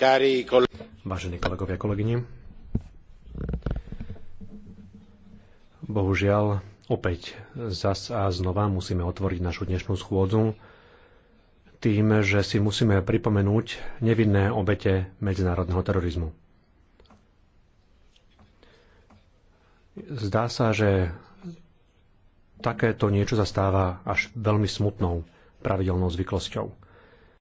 Vážení kolegovia, kolegyni, bohužiaľ, opäť zas a znova musíme otvoriť našu dnešnú schôdzu tým, že si musíme pripomenúť nevinné obete medzinárodného terorizmu. Zdá sa, že takéto niečo zastáva až veľmi smutnou pravidelnou zvyklosťou.